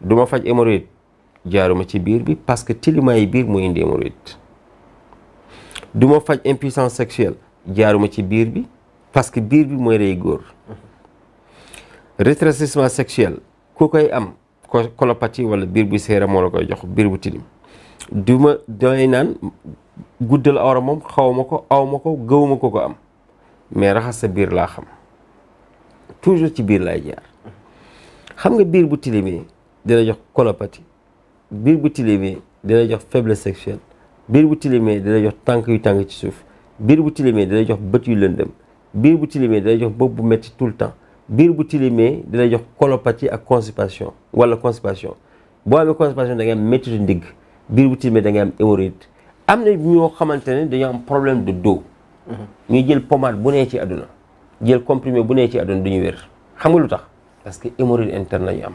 du ma faj hémorroïde jaaruma ci biir bi parce que tilimaayu biir mooy indi hémorroïde du ma faj impuissance sexuelle jaaruma ci biir bi parce que biir bi mooy rey góor rétrécissement sexuel ku koy am colopathie wala biir bu seera moo la koy jox biir bu tilim du ma doy naan guddal awra moom xaw ko aw ko gëwuma ko ko am mais raxas sa biir laa xam toujours ci biir laay jaar xam nga biir bu tilimee dina jox colopathie biir bu tilimee dina jox faiblesse sexuelle biir bu tilimee dina jox tànk yu tàng ci suuf biir bu tilimee dina jox bët yu lëndëm biir bu tilimee dina jox bopp bu métti tout le temps biir bu tilimee dina jox colopati ak constipation wala constipation boo amee constipation da ngay am méttitu ndigg biir bu tilimee da ngay am hémorroïde am na ñoo xamante ne dañoo am problème de dos mhm. ñuy jël pommade bu nee ci àdduna jël comprimer bu nee ci àdduna duñu wér xamul lu tax parce que hémorroïde interne la ñu am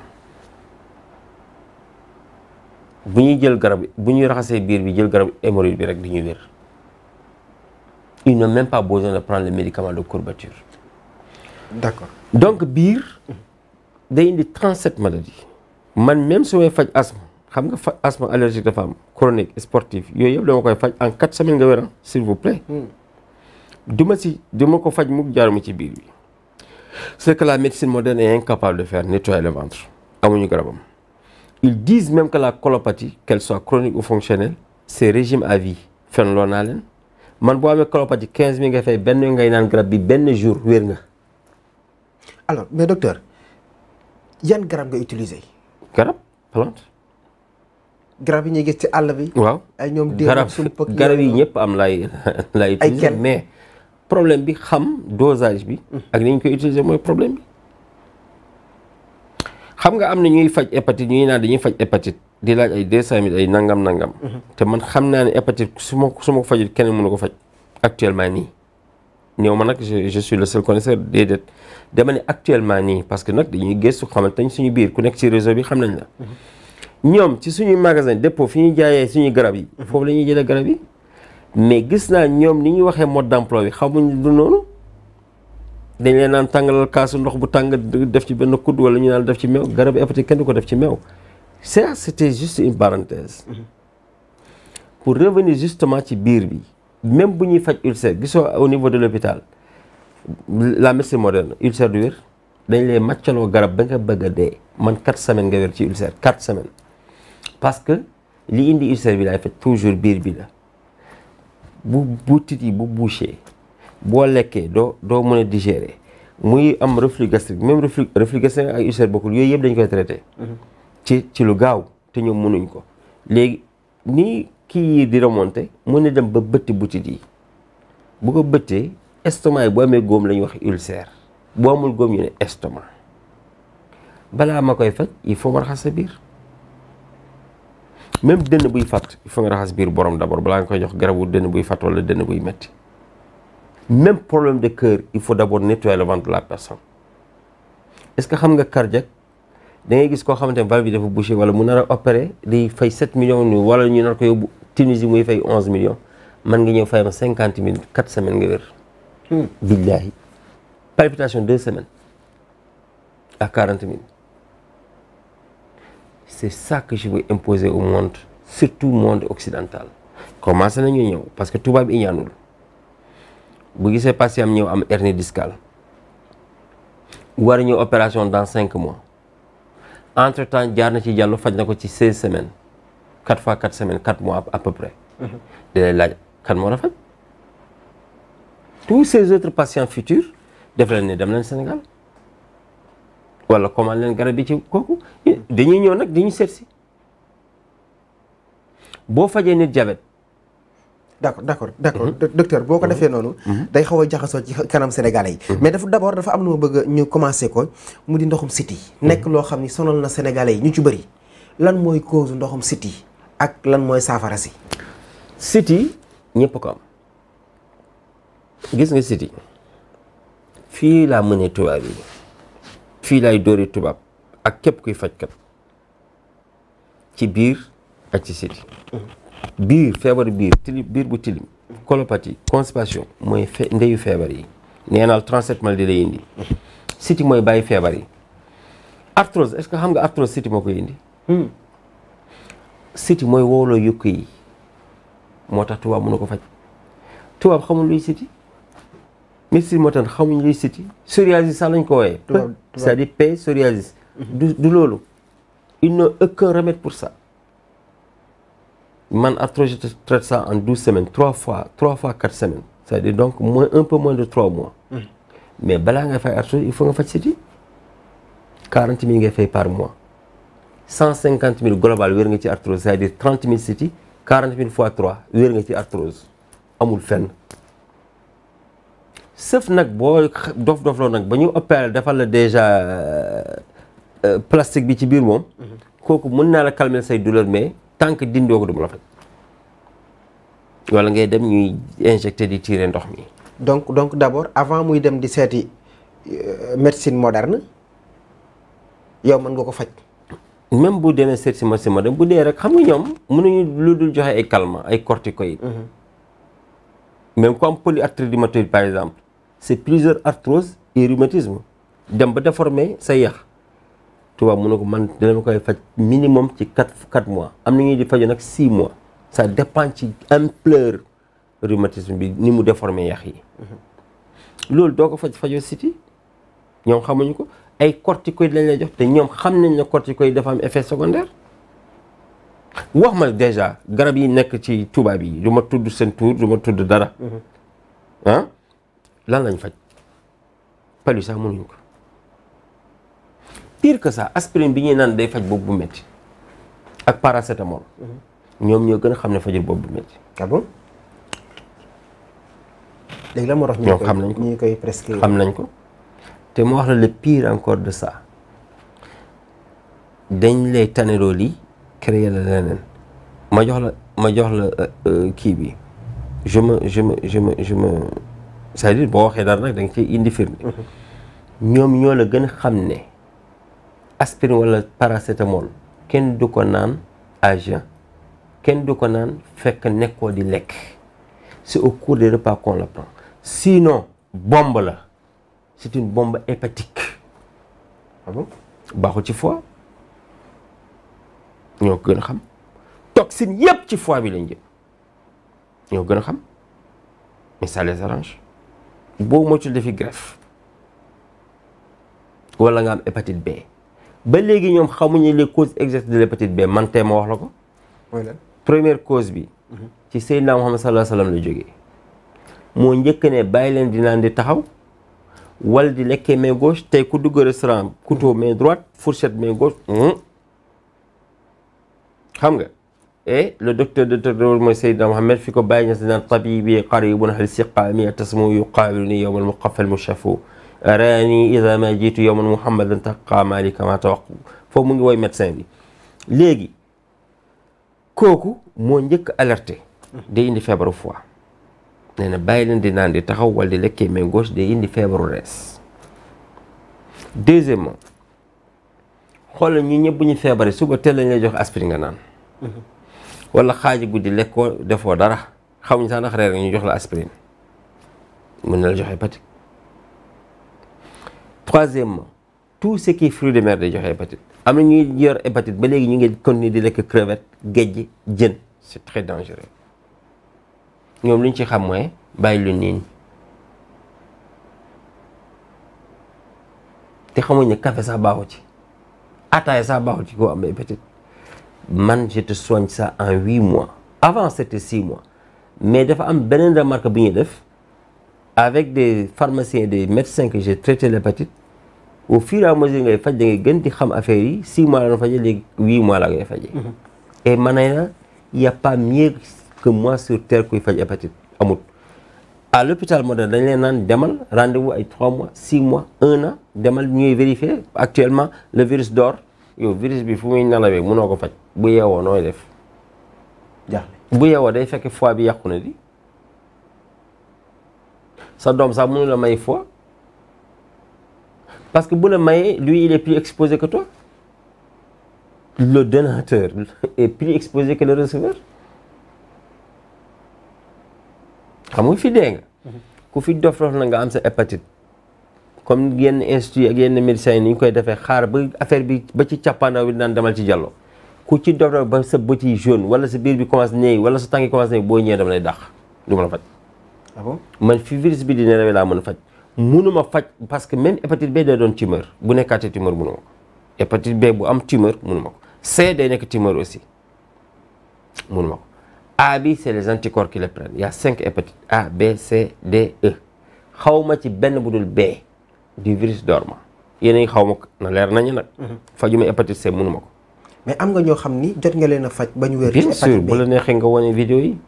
bu ñuy jël garab bu ñuy raxasee biir bi jël garab hémorroïde bi rek di ñuy wér ils n'ont même pas besoin de prendre le médicament de courbature. d'accord donc biir day indi 37 maladies. man même su may faj asthme xam nga fa asthme allergique dafa am chronique sportif yooyu yëpp dama koy faj en 4 semaines nga wér s'il vous plaît. Hmm. du ma si du ma ko faj mukk jaaruma ci biir bi. ce que la médecine moderne est incapable de fair nettoyer le ventre amuñu garabam. ils disent même que la colopathie qu'elle soit chronique ou fonctionnelle c'est régime à vie fen loo naa leen man boo amee colopathie quinze mille nga fay benn ngay naan garab bi benn jour wér nga alors mais docteur yan garab nga utiliser garab plante garab yi ñuy gis ci àll bi waaw ay ñoom garab garab yi ñëpp am laay laay utiliser mais problème bi xam dosage bi hmm. ak ni ñu koy utiliser mooy problème bi xam nga am na ñuy faj hépatite ñuy naan dañuy faj hépatite di laaj ay deux cent mille ay nangam nangam. Mhm. te man xam naa ne hépatite su ma su ma ko fajul kenn mënu ko faj actuellement nii. néew ma nag je suis le seul connaisseur déedéet demal ne actuellement nii parce que nag dañuy gëstu xamante ne suñu biir ku nekk si réseau bi xam nañ la. Mhm. ñoom ci suñuy magasin dépôt fi ñuy jaayee suñuy garab yi. Mhm. foofu la ñuy jëlee garab yi. mais gis naa ñoom ni ñuy waxee mode d'emploi bi xamuñ du noonu. dañu leen naan tàngalal kaasu ndox bu tàng def ci benn kudd wala ñu naan def ci meew garab hépatite kenn du ko def ci meew ça c'était juste une parenthèse mhm. pour revenir justement ci biir bi même bu ñuy faj ulcère gisoo au niveau de l'hôpital la médecine moderne ulcère du wér dañ lay màccaloo garab ba nga bëgg a dee man quatre semaines nga wér ci ulcère 4 semaine parce que li indi ulcère bi laay faj toujours biir bi la bu bu tit yi bu bouché boo lekkee doo doo mën a digérer muy am reflux gastrique même reflux reflux gastrique ak ulcère bokkul yooyu yëpp dañ koy traité. Mhm. ci ci lu gaaw te ñoom mënuñ ko léegi nii kii yi di remonté mën na dem ba bëtti butit yi bu ko bëttee estomac yi boo amee góom la ñuy wax ulcère boo amul góom ñu ne estomac balaa ma koy faj il faut ma raxas sa biir même dënn buy fàtt il faut raxas biir borom d'abord balaa nga koy jox garabu dënn buy fàtt wala dënn buy metti même problème de cœur il faut d'abord nettoyer le ventre de la personne est-ce que xam nga cardiaque da ngay gis koo xamante ne valve bi dafa bouché wala mu nar a opéré day fay 7 millions ni wala ñu nar ko yóbbu Tunisie muy fay 11 millions man nga ñëw fay ma 50 mille 4 semaines nga wér. billahi palpitation 2 semaines à 40 mille c'est ça que je veux imposer au monde surtout monde occidental commencé nañu ñëw parce que tubaab yi ñaanul. bu gisee patient am ñëw am hernie discale war ñu opération dans cinq mois entre temps jaar na ci jàllu faj na ko ci seize semaines quatre fois quatre semaine quatre mois à peu près. Mhm. dalay laaj kan moo rafet. tous ces autres patients futurs def leen ni dem leen senegal wala comment leen garab ci kooku dañuy ñëw nag di ñu seet si boo fajee nit diabète d' accord d' accord d' accord mhm. docteur mhm. mhm. day xaw a jaxasoo ci kanam sénégalais yi. mais dafa d' abord dafa am lu ma bëgg ñu commencé ko mu di ndoxum siti nekk loo xam ni sonal na sénégalais yi ñu ci bëri lan mooy cause ndoxum siti ak lan mooy saafara si. siti ñëpp ko am gis nga siti fii laa mënee tubaab yi fii laay dóori tubaab ak képp kuy faj fajkat ci biir ak ci siti. biir feebar biir tilim biir bu tilim colopathie constipation mooy fe ndeyu feebar yi neenaal 37 maladies lay indi siti mooy bàyyi feebar yi arthrose est-ce que xam nga arthrose siti moo koy indi hmm. siti mooy wooloo yukk yi moo tax tubaab mënu ko faj tubaab xamul luy siti médecine moderne xamuñ luy siti psoriasis sax lañ ko wooyee c'est-à-dire p psoriasis du du loolu il n'y a pour ça man arthrose je traite ça en douze semaines trois fois trois fois quatre semaines c'est-à-dire donc moins un peu moins de trois mois mm. mais balaa nga fay arthrose il faut nga faj siti quarante ngay fay par mois cent cinquante mille global wér nga ci arthrose c'est-à-dire trente mille siti quarante mille fois trois wér nga ci arthrose amul fenn sëf nag boo dof dof loo nag ba ñu opéré defal la déjà euh, euh, plastique bi ci biir moom mm-hmm. kooku mën naa la calmer say douleur mais tant que dindoo ko du ma la faj wala ngay dem ñuy injecté di tirer ndox mi. donc donc d'abord avant muy dem di seeti euh, médecine moderne yow mën nga ko faj. même bu demee seet si médecine moderne bu dee rek xam nga ñoom mënuñu lu dul joxe ay calmants ay corticoïdes. Mhm. même ku am ma rhumatoïde par exemple c'est plusieurs arthroses et rhumatisme dem ba déformer sa yax. tubaab mu ne ko man dina ma koy faj minimum ci quatre quatre mois am na ñuy di fajo nag six mois ça dépend ci ampleur rhumatisme bi ni mu déformé yax yi loolu doo ko faj fajo siti ñoom xamuñu ko ay corticoïdes lañ lay jox te ñoom xam nañ ne corticoïdes dafa am effet secondaire wax ma déjà garab yi nekk ci tubaab yi du ma tudd seen tur du ma tudd dara mhm. ah? lan lañ faj palu sax mënuñ ko pire que ça aspirine bi ñuy naan day faj boobu bu métti ak paracétamol ñoom ñoo gën a xam ne fajul boobu bu métti. ah léegi la moo tax xam nañ ko ñu koy prescrire xam nañ ko te moo wax la le encore de ça dañ lay taneloo lii créer la leneen ma jox la ma jox la euh, euh, kii bi je me je me je me je boo waxee dara nag danga nga ciy indi firnde mm-hmm. ñoom ñoo la gën a xam ne. aspirine wala paracétamol kenn du ko naan à kenn du ko naan fekk nekkoo di lekk c'est au cours des repas qu'on la prend sinon bombe la c'est une bombe hépatique ah baaxul ci foie ñoo gën a xam toxine yépp ci foie bi lañ jëm ñoo gën a xam mais arange les arrange boo moytul defi greffe wala nga am hépatite B ba léegi ñoom xamuñu les causes exactes de l'hépatite B man tey ma wax la ko. mooy lan bi. Mhm. ci Seydina Muhammad sallallahu alayhi wasallam la jógee. moo njëkk ne bàyyi leen di naan di taxaw. wala di lekkee main gauche tey ku dugg restaurant couteau main droite fourchette main gauche. Hmm. xam nga et le docteur de docteur mooy Seydina Mohamed fi ko bàyyi ñu si naan tabibi qaribun hal siqaami tasmu yuqaabilu ni yowmal muqaffal mushafu araani ida ma jiitu yowman muhammadan taqa malika ma tawaq foofu mu ngi woy médecin bi léegi kooku moo njëkk alerte day indi feebaru foie nee na bàyyi leen di naan di taxaw wala di lekkee main gauche day indi feebaru rees deuxièmement xoolal ñu ñëpp bu ñu feebare suba teel lañ lay jox aspirine nga naan wala xaaji guddi lekkoo defoo dara xamuñ sax ndax reer ñu jox la aspirine mun na la jox hépatique troisièmement tout ce qui est fruits de mer day joxe hépatite am na ñuy yor hépatite ba léegi ñu ngi continuer di lekk crevette géej jën c'est très dangereux ñoom lu ñu ci xam mooy bàyyi lu niin te xamuñ ne café sax baaxu ci ataaya sax baaxu ci koo am hépatite man je te soigne ça en huit mois avant c'était six mois mais dafa am beneen remarque bu ñuy def avec des pharmaciens des médecins que j'ai traité l'hépatite au fur et à mesure faj da gën di xam affaire yi six mois la mois la ngay fajee mhm. et ma ne la y a pas mieux kuy faj hépatite amut à l'hôpital moderne dañ leen naan demal rendez-vous ay trois mois six mois un an demal ñuy vérifier actuellement le virus dort yow virus bi fu muy nalawee mënoo ko faj bu yeewoo nooy def jaaxle bu yeewoo day fekk foie bi yàqu na di sa doom sax mënu la may fois parce que bu la mayee lui il est plus exposé que toi le donateur est plus exposé que le receveur xam nga fi dee nga ku fi dof dof na nga am sa hépatite comme yenn institut ak yenn médecins yi ni ñu koy defee xaar ba affaire bi ba ci càppaandaw bi naan demal ci jallo ku ci dof dof ba sa bët yi jaune wala sa biir bi commencé néew wala sa tànk yi commencé boo ñëwee dama lay ma la faj Ah man fi virus bi dina ne laa mën a faj munuma faj parce que même hépatite B day doon tumeur bu nekkaatee tumeur munuma ko hépatite B bu am tumeur munuma ko C day nekk tumeur aussi munuma ko A bi c' les anticorps qui les prennent cinq hépatites A B D E xawma ci benn bu dul B du virus dormant ma yeneen ngi xaw ma na leer nañu nag. Mhm. fajuma hépatite C munuma ko. mais am nga ñoo xam ni jot nga leen a faj. ba ñu wér bien sûr bu la neexee nga wone vidéo yi.